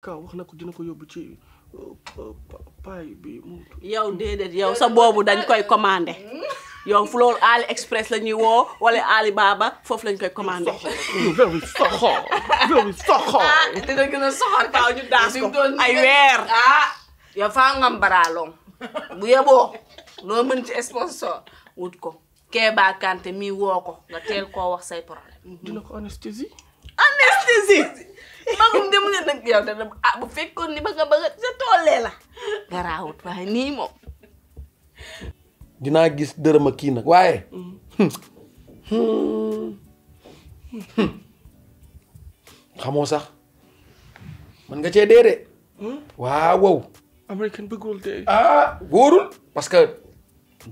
kaw wax na ko dina ko yóbbu ci uh, paay yow déedéet yow sa boobu dañ koy commandé yow fu loolu Ali Express la ñuy woo wala Ali Baba foofu lañ koy commandé. very soxor very soxor. ah dina gën a soxor kaw ñu daas ko ay weer. Ah, yow faa ngam baraalong bu yeboo loo mën ci sponsor wut ko. Keba Kanté mii woo ko nga teel koo wax say problème. dina ko anesthésie. anestesi magum dem dia nag ya, dia dana ah bu fekkoon ni ba nga bëgg sa tollee la nga raawut waaye nii moom dinaa gis dërëm ak hmm. hmm. hmm. man gak cee dee de wow American begul dee ah wóorul parce que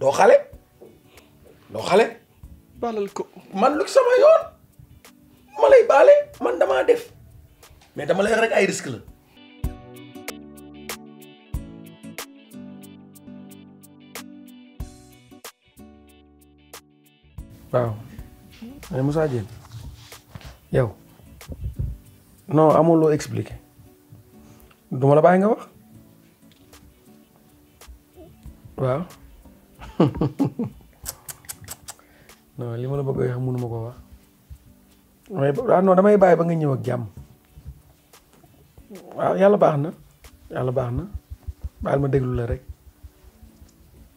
doo xale doo balal ko man luk sama yon, malay balé man dama def mais dama lay rek ay risque la. waaw ay musa Dieng yow non amul lo expliquer duma la bay nga wax waaw non li ma la bëgg wax mënu mako wax. waaw ah, non damay bàyyi ba nga ñëw ak jàmm waaw yàlla baax na yàlla baax na baal ma déglu la rek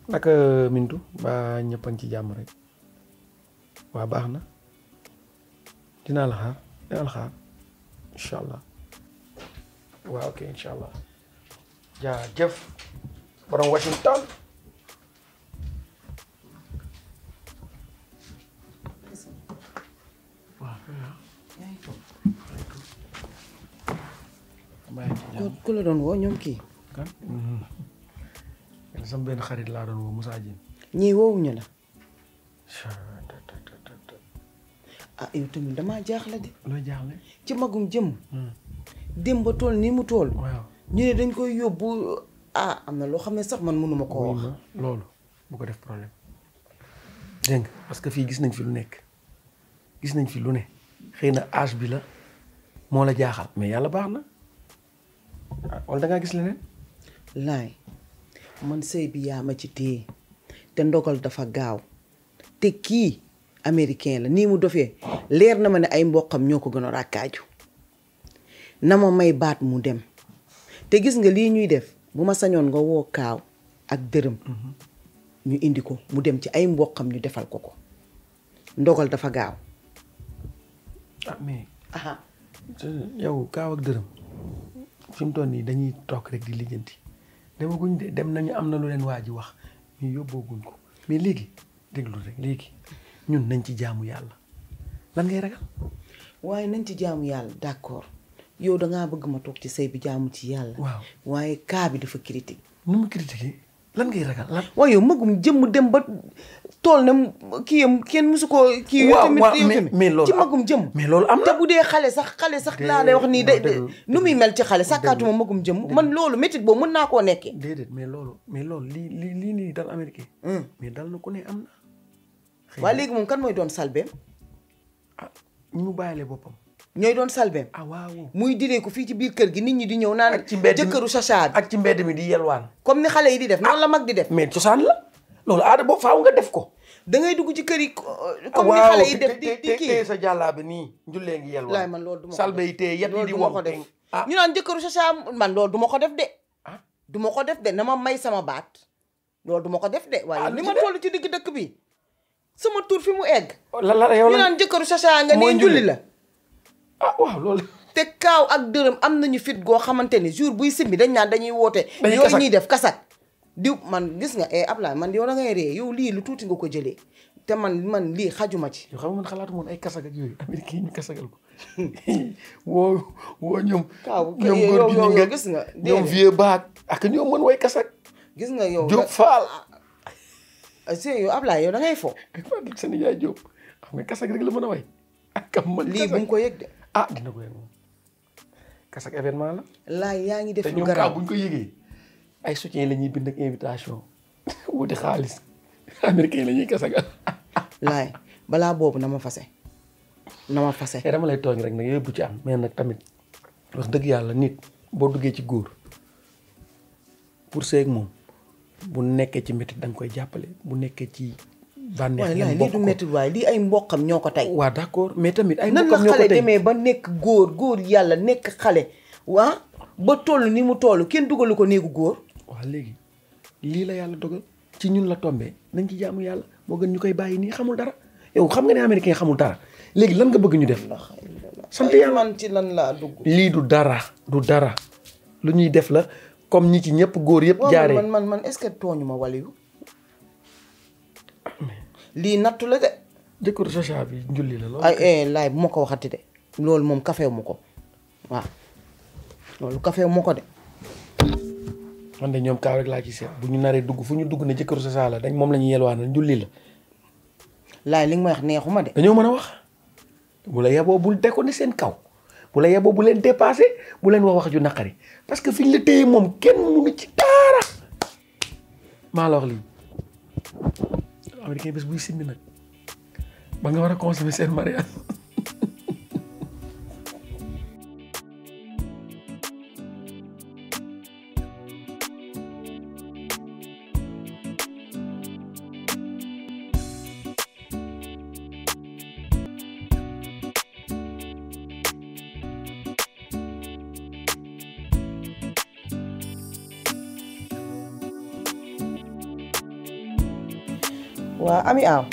naka euh, mintu ba ñëpp a ngi ci jàmm rek waa baax na dinaa la xaar dinaa la xaar allah waaw ok incha allah jaajëf Washington ku la doon woo ñoom kii. kan. Mm-hmm. sama benn xarit laa doon woo Moussa Dieng. ñii woowuñu la. ah yow tamit damaa jaaxle de. loo jaaxle. ci magum jëm. Mm. dem ba tool nii mu tool. ñu ne dañ koy yóbbu ah am na loo xam ne sax man mënuma koo wax. loolu bu ko def problème dégg nga que fii gis nañ fi lu nekk gis nañ fi lu ne xëy na âge bi la moo la jaaxal mais yàlla baax na. wala da gis leneen. laay man sëy bi yaa ma ci téye te ndogal dafa gaaw te kii americain la nii mu dofee leer na ma ne ay mboqam ñoo ko gën a ràkkaaju na ma may baat mu dem te gis nga lii ñuy def bu ma sañoon nga woo kaaw ak dërëm ñu indi ko mu dem ci ay mboqam ñu defal ko ko ndogal dafa gaaw ah mais yow kaaw ak dërëm fi mu toll nii dañuy toog rek di lijjanti demaguñ de dem nañu am na lu leen waa ji wax ñu yóbbooguñ ko mais léegi déglu rek léegi ñun nañ ci jaamu yàlla lan ngay ragal. waaye nañ ci jaamu yàlla d'accord yow da bëgg ma toog ci sëy bi jaamu ci yàlla. waaw waaye kaabi bi dafa critique. nu mu critiquer lan ngay ragal lan. waaye magum jëmm dem ba tool na kii yam kenn musu koo. kii yow tamit mais loolu ci magum jëmm. mais loolu am na bu dee xale sax xale sax laa lay wax nii day nu muy mel ci xale sàkkaatuma magum jëm man loolu métit boobu mën naa koo nekkee. déedéet mais loolu mais loolu lii lii lii nii dal américain. Hmm. mais dal na ko ne am na. xëy waa léegi moom kan mooy doon salbeem. ah ñu bàyyile boppam. ñooy doon salbem ah waaw muy diree ko fii ci biir kër gi nit ñi di ñëw naan jëkkëru sasaad ak ci mbedd mi di yelwaan comme ni xale yi di def noonu la mag di def mais cosaan la loolu aada boobu faaw nga def ko da ngay dugg ci kër yi ah, comme ni xale yi def di di kii sa jàllaa bi nii njullee ngi yelwaan laay man loolu du ma salbe yi tee yet yi di wax ko ah. ñu naan jëkkëru sasaad man loolu du ma ko def de ah. du ma ko def de na ma may sama baat loolu du ma ko def de waaye ni ma toll ci digg dëkk bi sama tour fi mu egg oh, ñu naan jëkkëru sasaad nga ne njulli la ah waaw te kaaw ak dërëm am nañu fit goo xamante ni jour buy simbi dañ naan dañuy woote. yooyu ñuy def kasat diw man gis nga eh Ablaye man yow da ngay ree yow lii lu tuuti ko jëlee te man man lii xajuma ci. xam nga man ay kasag ak yooyu Amérique yi ñu kasagal ko woo woo eh, nga ñoom vieux baak ak ñoom mën way gis nga yow Diop Fall. Ah, sëñ yow Ablaye yow da ngay fo. rek la mën a way. ak kam man lii bu mu ko yëg de. ah dina ko yëg moom kas événement la. laay yaa ngi def lu garaaw te ñoom bu ñu ko yëgee ay soutien la ñuy bind ak invitation wuti xaalis américain la ñuy kasagal. laay balaa boobu na ma fase na ma fase. Eh, dama lay tooñ rek nag yooyu bu ci am mais nag tamit wax dëgg yàlla nit boo duggee ci góor pour seeg moom bu nekkee ci métti da koy jàppale bu nekkee ci. bànneex ngeen bokk ko lii du métti waaye lii ay mbokkam ñoo ko tey. waaw d' accord mais tamit ay mbokkam ñoo ko tey nan la xale demee ba nekk góor góor yàlla nekk xale waa ba toll ni mu toll kenn dugalu ko néegu góor. waaw léegi lii la yàlla dogal ci ñun la tombee nañ ci jaamu yàlla moo gën ñu koy bàyyi xamul dara yow xam nga ne américain xamul dara léegi lan nga bëgg ñu def. sant yàlla ci lan laa dugg. lii du dara du dara lu ñuy def la comme ñi ci ñëpp góor yëpp. jaaree man man man est ce que tooñu waliyu lii nattu la de. jëkkër Chacha bi njulli la lool. ay eh, laay bu ma ko wax waxati de loolu moom kafewu ma ko waaw loolu kafewu ma ko de. man de ñoom kaaw rek laa ci seet bu ñu naree dugg fu ñu dugg ne jëkkëru Chacha la dañ moom la ñu yelwaanal njulli la. laay li nga may wax neexuma de. dañoo mën a wax bu la yeboo bul dekkoon ne seen kaw bu la yeboo bu leen dépassé bu leen wax wax ju naqari parce que fi ñu la téye moom kenn mënu ci dara maa la wax lii. américain bés buy simmi nag ba nga war a consommer seen mariage waa ami aaw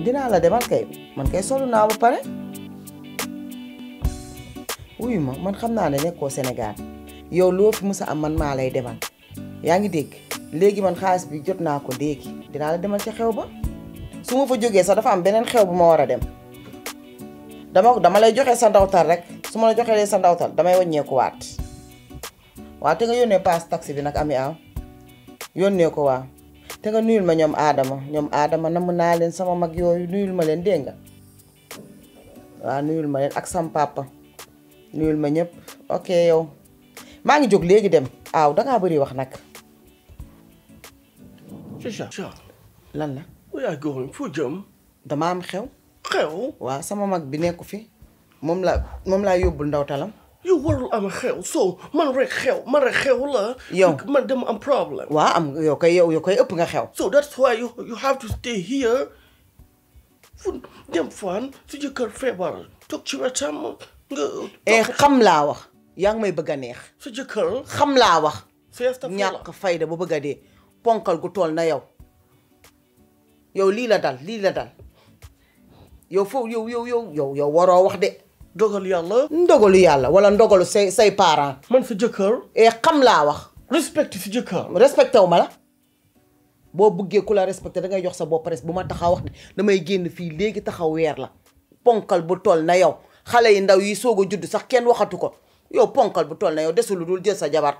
dinaa la demal kay man kay solu naa ba pare wuyu ma man xam naa ne nekkoo Sénégal yow loo fi mës a am man maa lay demal yaa ngi dégg léegi man xaalis bi jot naa ko léegi dinaa la demal ca xew ba su ma fa jógee sax dafa am beneen xew bu ma war a dem dama dama lay joxe sa ndawtal rek su ma la joxee sa ndawtal damay waññeekuwaat waa te nga yónnee paas taxi bi nag ami aaw yónnee ko waa thế có nuyul mà ñoom Adam, ñoom Adam, namu naa leen sama mag yooyu nuyul ma mà dégg nga waaw à ma mà ak sam papa nuyul mà ñëpp ok mang à, yow maa ngi jóg léegi dem aaw lần nữa. wax are lan la foo jëm dama am xew xew waaw sama mag bi nekku fi moom la yêu bún đậu talam. yow warul am xew so man rek xew man rek xew la. yow man am problème. waaw am yow kay yow yow kay ëpp nga xew. so that's why you you have to stay here fu dem fan su jëkkër feebar eh, xam laa wax yaa ngi may bëgg a neex. su jëkkër xam laa wax. ñàkk fayda bu bëgg a dee ponkal gu tool na yow yow lii la dal lii la dal yow foofu yow yow yow yow yow waroo wax de. ndogalu yàlla. ndogalu yàlla wala ndogalu say say parents. man sa jëkkër. et eh, xam laa wax. respecté si jëkkër. respecté wu ma la. boo bëggee ku la respecté da jox sa bopp res bu ma taxaw wax damay génn fii léegi taxaw weer la ponkal bu tol na yow xale yi ndaw yi soog a judd sax kenn waxatu ko yow ponkal bu tol na yow desul lu dul jël sa jabar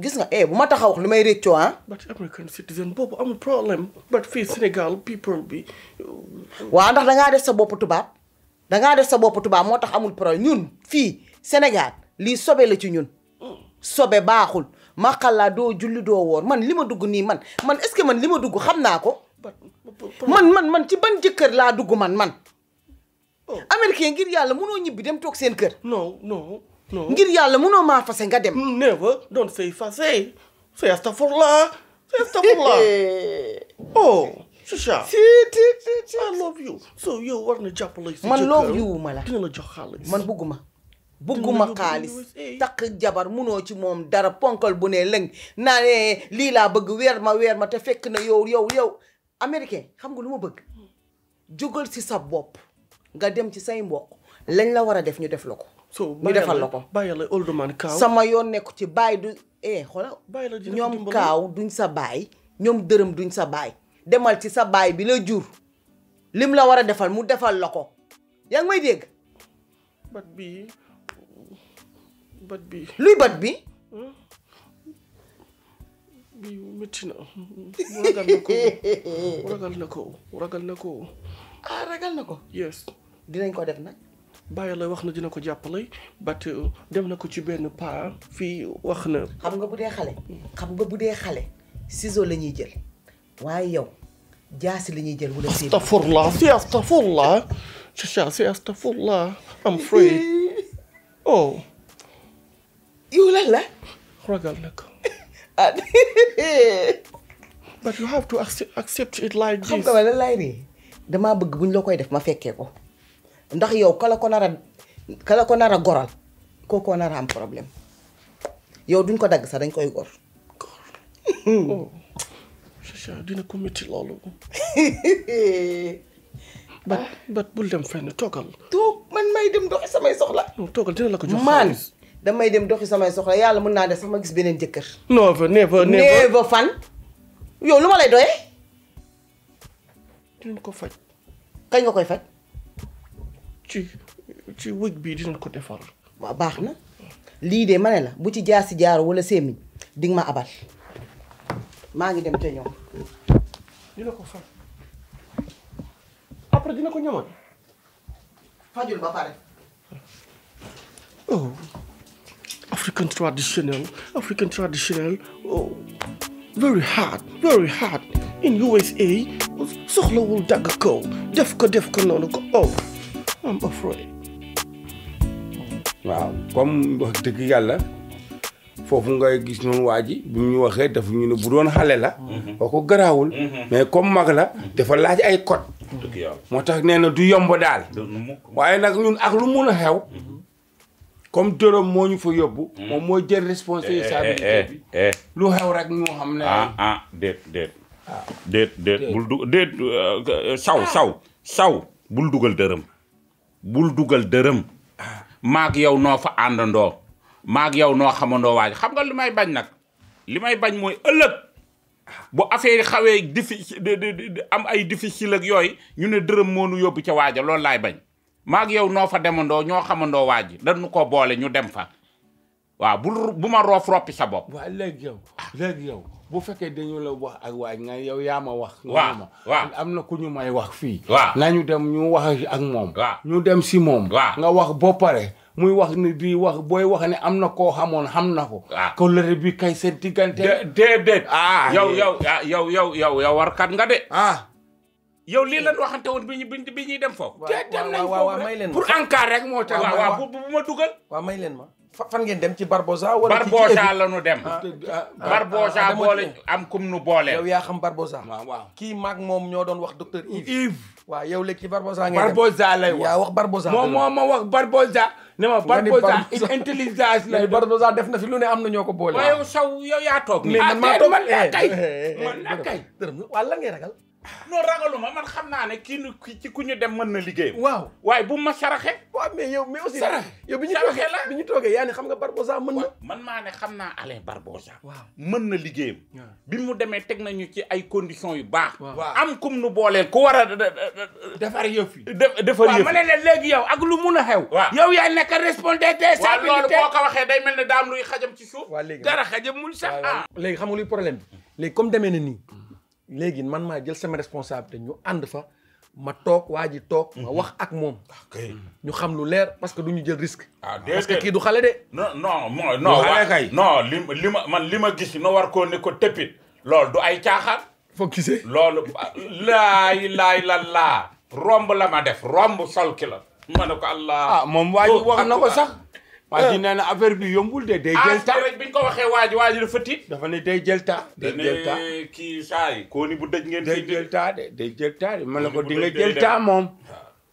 gis nga eh bu ma taxaw wax li may réccoo ah. but American citizen boobu amul problème. but fii Sénégal people bi. waaw ndax da def sa bopp tubaab. dangaa def sa bopp tubaab moo tax amul problème ñun fii Sénégal lii sobe la ci ñun sobe baaxul maxalla doo julli doo woor man li ma dugg nii man man est-ce que man li ma dugg xam naa ko man man man ci ban jëkkër laa dugg man man oh. américain ngir yàlla munoo ñibbi dem toog seen kër non non non ngir yàlla munoo maa fase nga dem mm, never don't say fase say astafurlah say Chicha si so yow war na jàppale. man love you ma la dina jox xaalis man bugguma bugguma xaalis takk jabar munoo ci moom dara ponkal bu ne lëng naa lii laa bëgg weer ma weer ma te fekk na yow yow yow américain xam nga lu ma bëgg jógal ci sa bopp nga dem ci say mbokk lañ la war a def ñu def la ko ñu defal la ko sama yoon nekku ci baay du eh xoola ñoom kaaw duñ sa baay ñoom dërëm duñ sa baay demal ci sa baay bi la jur lim la war a defal mu defal la ko yaa ngi may dégg. bët bii luy bët bi hmm? bii métti na ragal na ko ragal na ko ragal na ko. ah ragal na ko. yes. dinañ ko def nag. bàyyi la wax na dina ko jàppale bat uh, dem na ko ci benn paa fii wax na. xam nga bu dee xale. xam nga bu dee xale ciseau la ñuy jël. waaye yow jaasi la ñuy jël wala. astafurlah si astafurlah Chacha si astafurlah am afraid oh. yow lan la. ragal nag. Ah. but you have to accept it like this. xam nga wala lay nii damaa bëgg buñ la koy def ma fekkee ko ndax yow kala ko nar a kala ko nar a goral kookoo nar a am problème yow duñ ko dagg sax dañ koy gor. Oh. Aïcha dina ko métti loolu. bat bat bul dem fenn toogal. toog man may dem doxi samay soxla. toogal dina la ko jox man damay dem doxi samay soxla yàlla mën naa def sax ma gis beneen jëkkër. non never never never fan. Yo luma ma lay doyee. dinañ ko faj. kañ nga koy faj. ci ci wëj bii dinañ ko defar. waaw baax na de ma bu ci jaasi jaar wala semi ding ma abal. maa ngi dem te ñoom. dina ko faj après dina ko ñamal. fajul ba pare. oh African traditional African traditional oh very hard very hard in USA soxlawul dagg ko def ko def ko noonu ko oh I'm afraid. waaw comme wax dëgg yàlla. foofu ngay gis noonu waa ji bi mu ñu waxee dafa ñu ne bu doon xale la. boo ko garaawul. mais comme mag la dafa laaj ay code. moo tax nee na du yomb daal. waaye nag ñun ak lu mun a xew. comme dërëm moo ñu fa yóbbu. Mm-hmm. moom mooy jël responsabilité eh, eh, bi. Eh, lu xew xam ne. ah saw saw saw bul dugal dërëm. bul dugal dërëm. Ah. maak yow noo fa àndandoo. maag yow noo xamandoo waaj xam nga li may bañ nag li may bañ mooy ëllëg bu affaire xawee difficile am ay difficile ak yooyu ñu ne dërëm moo nu yóbbu ca waaja loolu laay bañ maag yow noo fa demandoo ñoo xamandoo waaj dañu ko boole ñu dem fa waaw bu bu ma roof roppi sa bopp. waaw léegi yow bu fekkee dañu la nga yow yaa ma wax. waaw waaw am na ku ñu may wax fii. waaw nañu dem ñu wax ak moom. waaw ñu dem si moom. waaw nga wax boo muy wax ni di wax booy wax ne am na koo xamoon xam na ko. waaw ah. kóllëre bi kay seen diggante. déedéet. Ah, ah yow yow ah, yow yow yow yow warkat nga de. ah. yow lii lan waxante woon bi ñuy bi ñuy dem foofu. waaw waaw waaw may leen ma pour rek moo tax. waaw waaw bu ma dugal. waaw may leen ma. fan ngeen dem ci Barbosa. wala ci Barbosa la nu dem. Ah, ah, ah, Barbosa boole am kum nu boole. yow yaa xam Barbosa. waaw waaw kii maak moom ñoo doon wax docteur Yves. Yves yow léegi ci Barbosa. ngay dem Barbosa lay wax yaa wax Barbosa. moom moo ma wax Barbosa. ne ma Barbosa une intelligence la. Barbosa def na fi lu ne am na ñoo ko boole. waaw saw yow yaa toog. mais man maa toog man maa eh, kay. Eh, eh, man maa kay. dërëm ragal. non ragaluma man xam naa ne kii nu ci ku ñu dem mën na liggéeyam. waaw waaye bu ma saraxe. waaw mais yow mais aussi. saraxe yow bi ñu toogee bi ñu toogee yaa ne xam nga Barbosa mën na. man maa ne xam naa Alain Barbosa. waaw mën na liggéeyam. bi mu demee teg nañu ci ay conditions yu baax. am kum nu booleel ku war a. defar yëf yi defar yëf yi waaw ma ne leen léegi yow ak lu mun a xew. waaw yow yaa nekk responsabilité. waaw loolu boo ko waxee day mel ne daam luy xajam ci suuf. waaw léegi dara xajamul sax. léegi xam nga luy problème bi léegi comme demee na nii léegi man maa jël sama responsabilité ñu ànd fa ma toog waa ji toog. ma mhm. wax ak moom. ñu xam lu leer parce que du ñu jël risque. ah parce que kii du xale de. non xale kay. non li li ma man li ma gis no war koo ne ko tëppit lool du ay caaxar foog gisee loolu. laay laay la laa romb la ma def romb sol ki la. Ah, moom waa ji oh, wax na ko ah, sax. waa ji euh. nee na affaire bi yombul de day ah, jël taa rek bi ñu dafa tiit day jël taa saa yi koo ni bu dëj ngeen day jël taa de day jël de man la ko di nga moom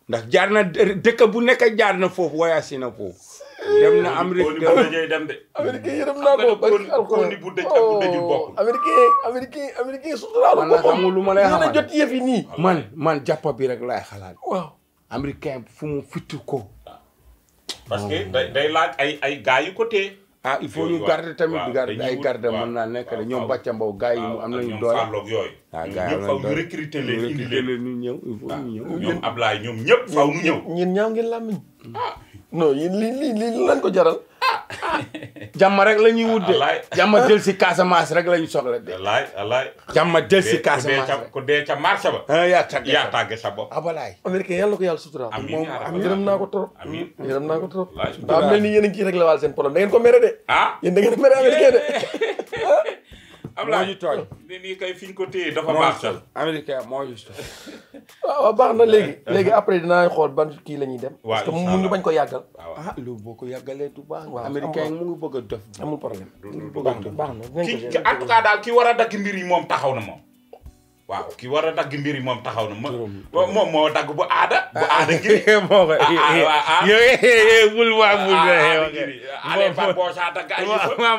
ndax jaar na dëkk bu nekk jaar na foofu wayaasi na foofu dem na Amérique dem de. Amérique ko oh, parce lu ma lay xamal jot yëf yi man man jàpp bi rek laay xalaat. waaw américain fu mu fitu ko. parce que day day laaj ay gars yu ko téye. ah il faut ñu garder tamit di ay garde mën naa nekk de ñoom Bacca Mbow gars yi am nañu doole waaw yooyu. ah gars yi am nañu doole recruter leen ñu ñëw il faut ñu ñëw. ñoom Ablaye ñoom ñëpp faaw ñu ñëw. ñun ñaaw ngeen làmmiñ. ah non yéen li li jaral. jàmm rek la ñuy wut de. alaay jàmm jël si Casamance rek la ñu soxla de. alaay alaay. jàmm jël si Casamance rek ku dee ca marché ba. ah yaa tàggee sa yaa tàggee sa bopp. abalaay. Ah, américain yàlla na ko yàlla sutura. amiin amiin yërëm naa ko trop. amiin yërëm naa ko trop. waaw mel ni yéen a ngi ciy réglé waal seen problème da ngeen ko mere de. ah yéen da ngeen mere américain de. moo ñu tooñ ni nii kay fi ñu ko téye dafa baax américain moo ñu tooñ waaw baax na léegi léegi après dinaa xool ban kii la ñuy dem parce que mu ñu bañ ko yàggal ah loolu boo ko yàggalee du baax waaw américain mu ngi bëgg a def amul problème baax na ki en tout cas daal ki war a dagg mbir yi moom taxaw na moom waaw ki war a dagg mbir yi moom taxaw na moom moo dagg bu aada. bu ah. aada ngiri moo ko ah, ah, yooyu bul waa bul. aada ngiri aada boo saa dagg ay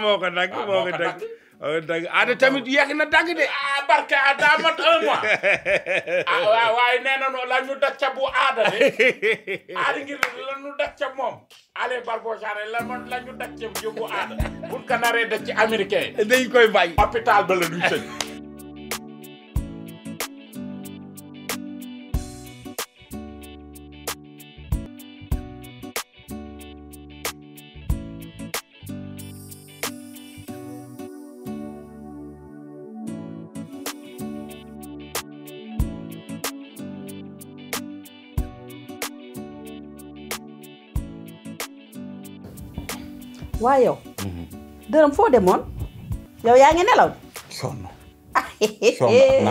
moo ko dagg moo ko dagg. Euh, dagg aada ah, tamit yegg na dagg de. ah barke ah daa mat un mois. ah waaw waaye nee na noonu la ñu dacca bu aada de. aada ngir la ñu dacca moom. ale balbojaare la man la ñu dacca bu aada. bu ko naree dacc américain. dañ koy bàyyi. hôpital ba la duñ tëj. waa yow. dërëm foo demoon. yow yaa ngi nelaw. sonn. sonn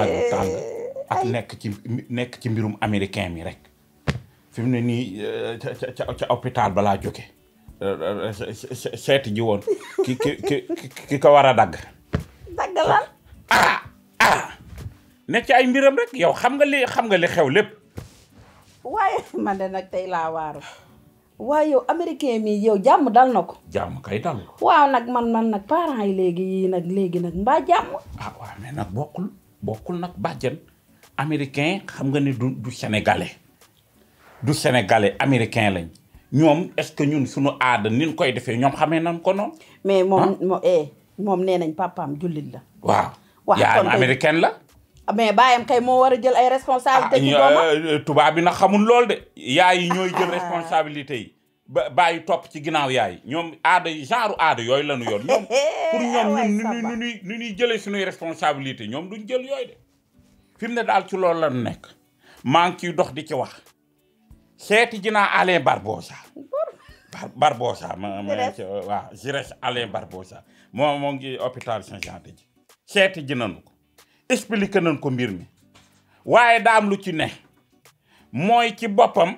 ak nekk ci mbirum américain mi rek fi mu ne nii eh, ca ca hôpital balaa jóge eh, eh, seeti ji woon ki ki ki ko war a dagg. dagg lan. ah ah ne ci ay mbiram rek yow xam nga li xam nga li xew lépp. waaye man nag tey laa waaru. waaye yow américain mi yow jàmm dal na ko. jàmm kay dal ko. waaw nag man man nag parents yi léegi yii nag léegi nag mbaa jàmm. ah waaw mais nag bokkul bokkul nag bàjjen américain xam nga ni du du sénégalais du sénégalais américain lañ ñoom est-ce que ñun suñu aada nin koy defee ñoom xamee nañ ko noonu. mais moom ah? eh, moom nee nañ papaam jullit la. waaw. wax kon yaayam la. mais bàyyam kay moo war a jël ay responsabilité ci ah, doomam euh, euh, tubaab bi nag xamul lool de yaay yi ñooy jël ah. responsabilité yi ba bàyyi topp ci ginnaaw yaay ñoom aada yi genre aada yooyu la ñu yor eh, ñuy nu ñuy jëlee suñuy responsabilité ñoom duñ jël yooyu de fi ne daal ci loolu la ñu nekk maa ngi ciy dox di ci wax seeti jinaa Alain Barbosa Barbosa ma ma waaw Jires moo moo ngi hôpital Saint-Jean de ji seeti ji nañu ko expliqué nañ ko mbir mi waaye daa lu ci ne mooy ci boppam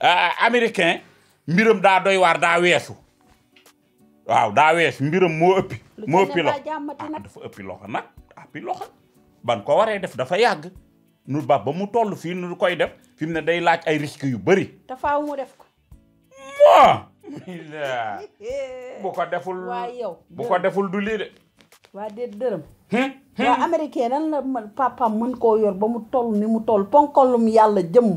ah, américain mbiram daa doy waar daa weesu waaw daa weesu mbiram moo ëppi moo ëppi loxo ah, dafa ëpp loxo nag app loxo ban ko waree def dafa yàgg nu ba ba mu toll fii nu koy def fi ne day laaj ay risque yu bari te faaw mu def ko bu ko deful du lii de waaw américain nan la papaam mën koo yor ba mu toll ni mu toll ponkalum yàlla jëm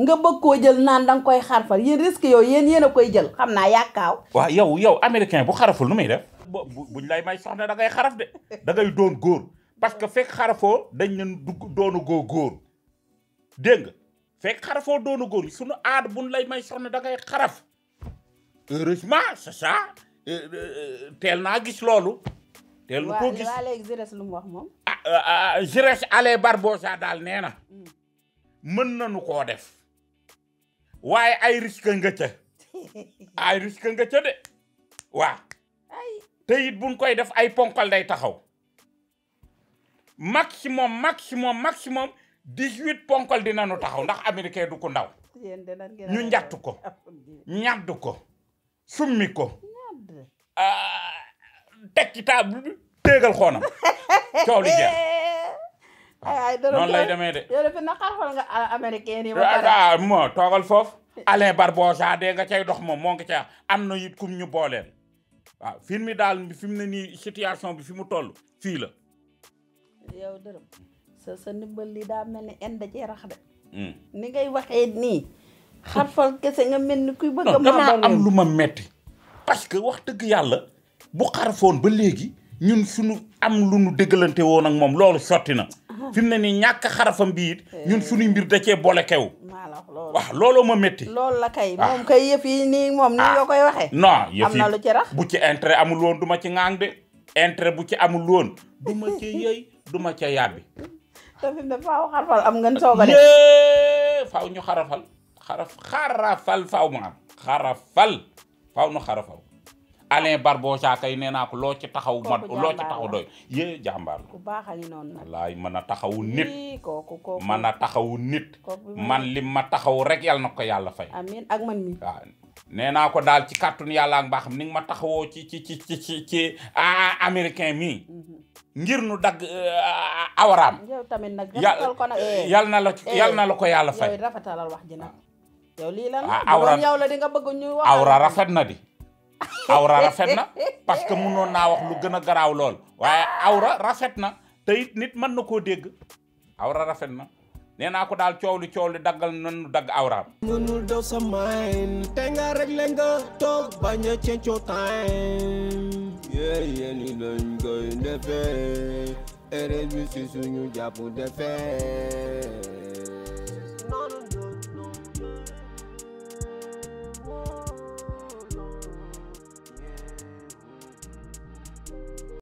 nga bëgg koo jël naan da nga koy xarfal yéen risque yooyu yéen yéen a koy jël xam naa yaakaaw waaw yow yow américain bu xaraful nu muy def buñ lay may soxna da ngay xaraf de da ngay doon góor parce que fek xarafoo dañ leen dugg doonu goo góor dégg nga fekk xarafoo doonu góor suñu aada buñ lay may soxna da ngay xaraf heureusement c'est ça euh, euh, teel naa gis loolu teel na koo gis waaw léegi Gérés lu mu ah, ah, ah, daal nee na. Mm. mën nañu koo def. waaye ay risque nga ca. ay risque nga ca de. waa te it buñ koy def ay ponkal day taxaw. maximum maximum maximum dix huit ponkal nu taxaw ndax américain du ko ndaw. ñu njattu ko. ñaddu ko. summi ko. teg ci table bi téegal xoonam coow li jeex. ay lay demee de. yow dafa naqar xool nga ah, américain yi. Ah, ah, moo toogal foofu. Alain Barbosa de nga cay dox moom moo nga cay am na it kum ñu booleel. waaw fi mu ne bi fi mu toll fii rax de. Hmm. ni ngay waxee nii. xarfal kese nga mel ni kuy bëgg a. dama am lu ma metti parce que wax dëgg yàlla. bu xarfoon ba léegi ñun suñu am lu nu dëggalante woon ak moom loolu sotti na fi mu ne nii ñàkk xarafam bi eh. ñun suñuy mbir da cee boole kew waaw looloo ma métti loolu la kay ah. moom yi nii moom nii yoo ah. koy waxee non am na lu ci bu ci intérêt amul woon du ci ŋaang de bu ci amul woon du du ma ca yàbbi te fi mu ne faaw xarafal am ñu xarafal xaraf xarafal faw mu am xarafal faaw nu xarafal Alain Barbosa kay nee ko lo ci taxaw ma lo ci taxaw doy ye jambar ko ku baax a ngi noonu nag taxaw nit kooku kooku mën taxaw nit man lim ma taxaw rek yalla nako yalla fay amin ak man mi waaw ko dal ci carton yalla ak mbaaxam ni ma taxawoo ci ci ci ci ci ci américain mi mhm. ngir nu dag awaram yow tamen nak rafetal ko nag eh. yalla na la eh. yalla na la ko yalla fay yow rafatalal wax ji nag yow li lan ah, yow la di nga bëgg ñu wax awra rafet na di awra rafet na parce que mënoon naa wax lu gën a garaaw lool waaye awra rafet na te nit mën na koo dégg awra rafet na nee naa ko daal coow li coow li daggal nanu dagg awraam mënul daw sa mayn toog bañ a cencoo time yéen yi lañ koy defee eré bi si suñu jàpp defee